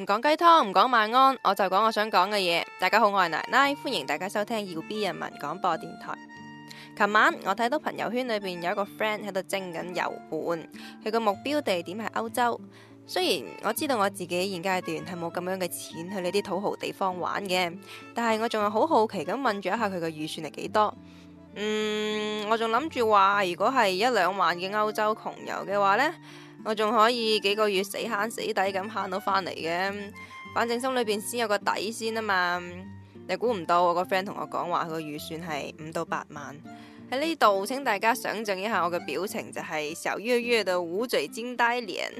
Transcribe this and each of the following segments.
唔講雞湯，唔講晚安，我就講我想講嘅嘢。大家好，我係奶奶，歡迎大家收聽搖 B 人民廣播電台。琴晚我睇到朋友圈裏邊有一個 friend 喺度徵緊遊伴，佢個目標地點係歐洲。雖然我知道我自己現階段係冇咁樣嘅錢去呢啲土豪地方玩嘅，但係我仲係好好奇咁問住一下佢嘅預算係幾多。嗯，我仲諗住話如果係一兩萬嘅歐洲窮遊嘅話呢。我仲可以幾個月死慳死抵咁慳到返嚟嘅。反正心裏邊先有個底先啊嘛。你估唔到我個 friend 同我講話佢個預算係五到八萬，喺呢度請大家想象一下我嘅表情就係受約約到五嘴尖低連。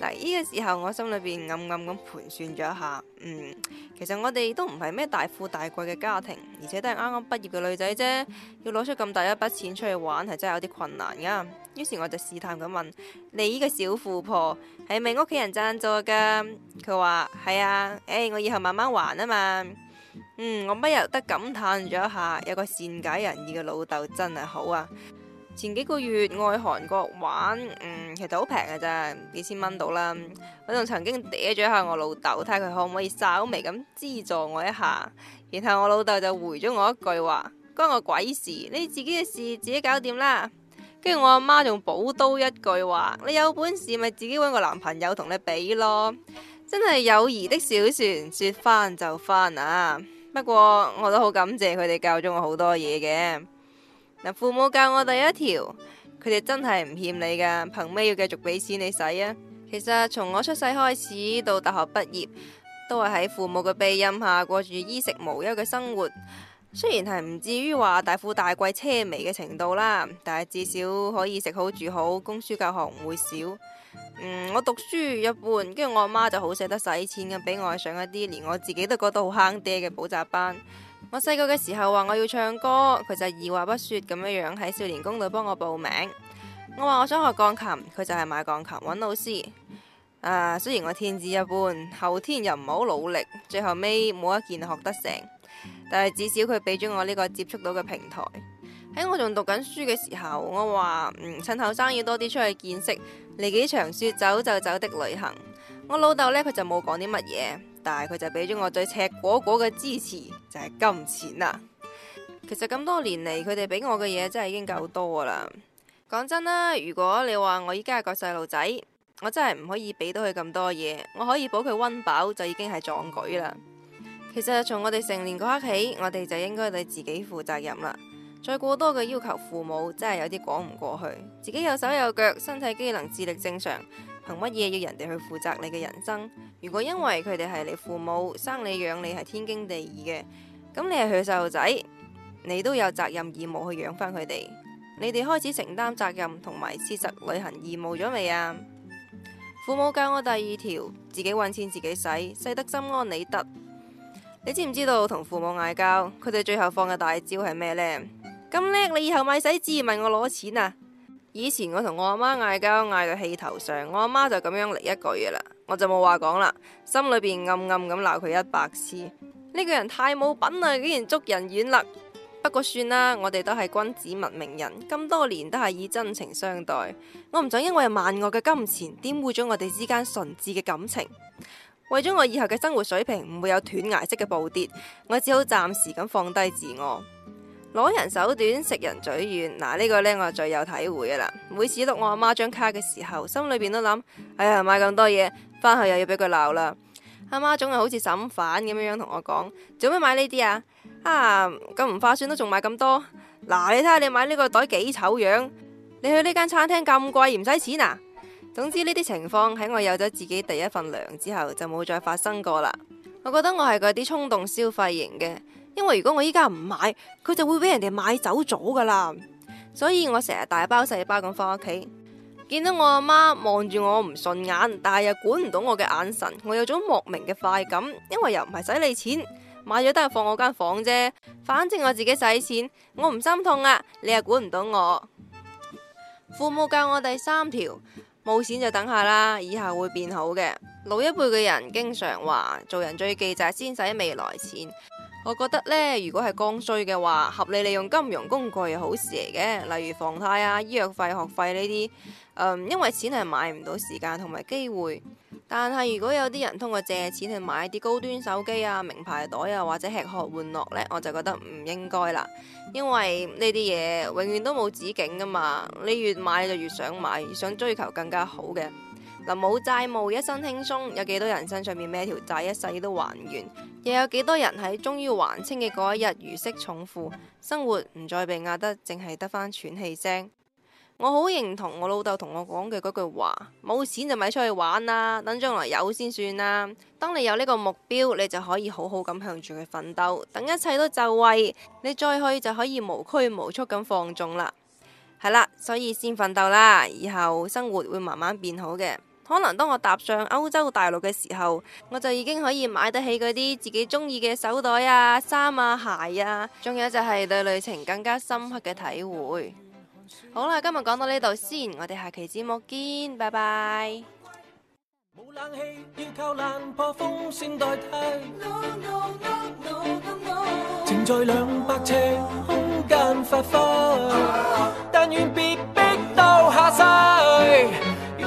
嗱，呢個時候我心裏邊暗暗咁盤算咗一下，嗯，其實我哋都唔係咩大富大貴嘅家庭，而且都係啱啱畢業嘅女仔啫，要攞出咁大一筆錢出去玩，係真係有啲困難噶。於是我就試探咁問：你呢個小富婆，係咪屋企人贊助噶？佢話：係啊，誒、哎，我以後慢慢還啊嘛。嗯，我不由得感嘆咗一下，有個善解人意嘅老豆真係好啊！前幾個月我去韓國玩，嗯，其實好平㗎咋，幾千蚊到啦。我仲曾經嗲咗下我老豆，睇下佢可唔可以稍微咁資助我一下。然後我老豆就回咗我一句話：關我鬼事，你自己嘅事自己搞掂啦。跟住我阿媽仲補刀一句話：你有本事咪自己揾個男朋友同你比咯。真係友誼的小船，説翻就翻啊！不過我都好感謝佢哋教咗我好多嘢嘅。父母教我第一條，佢哋真係唔欠你㗎，憑咩要繼續俾錢你使啊？其實從我出世開始到大學畢業，都係喺父母嘅庇蔭下過住衣食無憂嘅生活。雖然係唔至於話大富大貴奢靡嘅程度啦，但係至少可以食好住好，供書教學唔會少。嗯，我讀書一般，跟住我阿媽就好捨得使錢噉俾我上一啲連我自己都覺得好坑爹嘅補習班。我細個嘅時候話我要唱歌，佢就二話不說咁樣樣喺少年宮度幫我報名。我話我想學鋼琴，佢就係買鋼琴揾老師。啊，雖然我天資一般，後天又唔好努力，最後尾冇一件學得成，但係至少佢俾咗我呢個接觸到嘅平台。喺我仲讀緊書嘅時候，我話嗯，趁後生要多啲出去見識，嚟幾場說走就走的旅行。我老豆呢，佢就冇講啲乜嘢。但佢就俾咗我最赤果果嘅支持，就係金錢啦。其實咁多年嚟，佢哋俾我嘅嘢真係已經夠多噶啦。講真啦，如果你話我依家係個細路仔，我真係唔可以俾到佢咁多嘢，我可以保佢溫飽就已經係壯舉啦。其實從我哋成年嗰刻起，我哋就應該對自己負責任啦。再過多嘅要求父母，真係有啲講唔過去。自己有手有腳，身體機能智力正常，憑乜嘢要人哋去負責你嘅人生？如果因為佢哋係你父母，生你養你係天經地義嘅，咁你係佢細路仔，你都有責任義務去養返佢哋。你哋開始承擔責任同埋切實履行義務咗未啊？父母教我第二條，自己搵錢自己使，使得心安理得。你知唔知道同父母嗌交，佢哋最後放嘅大招係咩呢？咁叻，你以後咪使字問我攞錢啊！以前我同我阿媽嗌交，嗌到氣頭上，我阿媽就咁樣嚟一句嘅啦，我就冇話講啦，心裏邊暗暗咁鬧佢一百次。呢個人太冇品啦，竟然捉人軟肋。不過算啦，我哋都係君子文明人，咁多年都係以真情相待。我唔想因為萬惡嘅金錢玷污咗我哋之間純摯嘅感情。為咗我以後嘅生活水平唔會有斷崖式嘅暴跌，我只好暫時咁放低自我。.攞人手短，食人嘴軟，嗱、這、呢個呢，我係最有體會噶啦。每次碌我阿媽，媽張卡嘅時候，心裏邊都諗：哎呀買咁多嘢，返去又要俾佢鬧啦。阿媽，媽總係好似審犯咁樣同我講：做咩買呢啲啊？啊咁唔化算都仲買咁多？嗱，你睇下你買呢個袋幾醜樣？你去呢間餐廳咁貴，唔使錢啊？總之呢啲情況喺我有咗自己第一份糧之後，就冇再發生過啦。我覺得我係嗰啲衝動消費型嘅。因為如果我依家唔買，佢就會俾人哋買走咗噶啦。所以我成日大包細包咁翻屋企，見到我阿媽望住我唔順眼，但係又管唔到我嘅眼神，我有種莫名嘅快感，因為又唔係使你錢，買咗都係放我間房啫，反正我自己使錢，我唔心痛啊。你又管唔到我。父母教我第三條冇錢就等下啦，以後會變好嘅。老一輩嘅人經常話，做人最忌就係先使未來錢。我覺得呢，如果係剛需嘅話，合理利用金融工具係好事嚟嘅，例如房貸啊、醫藥費、學費呢啲。嗯，因為錢係買唔到時間同埋機會。但係如果有啲人通過借錢去買啲高端手機啊、名牌袋啊，或者吃喝玩樂呢，我就覺得唔應該啦，因為呢啲嘢永遠都冇止境㗎嘛。你越買就越想買，越想追求更加好嘅。嗱，冇債務一身輕鬆，有幾多人身上面孭條債，一世都還完？又有幾多人喺終於還清嘅嗰一日如釋重負，生活唔再被壓得，淨係得返喘氣聲？我好認同我老豆同我講嘅嗰句話：冇錢就咪出去玩啦，等將來有先算啦。當你有呢個目標，你就可以好好咁向住佢奮鬥，等一切都就位，你再去就可以無拘無束咁放縱啦。係啦，所以先奮鬥啦，以後生活會慢慢變好嘅。可能當我踏上歐洲大陸嘅時候，我就已經可以買得起嗰啲自己中意嘅手袋啊、衫啊、鞋啊，仲有就係對旅程更加深刻嘅體會。好啦，今日講到呢度先，我哋下期節目見，拜拜。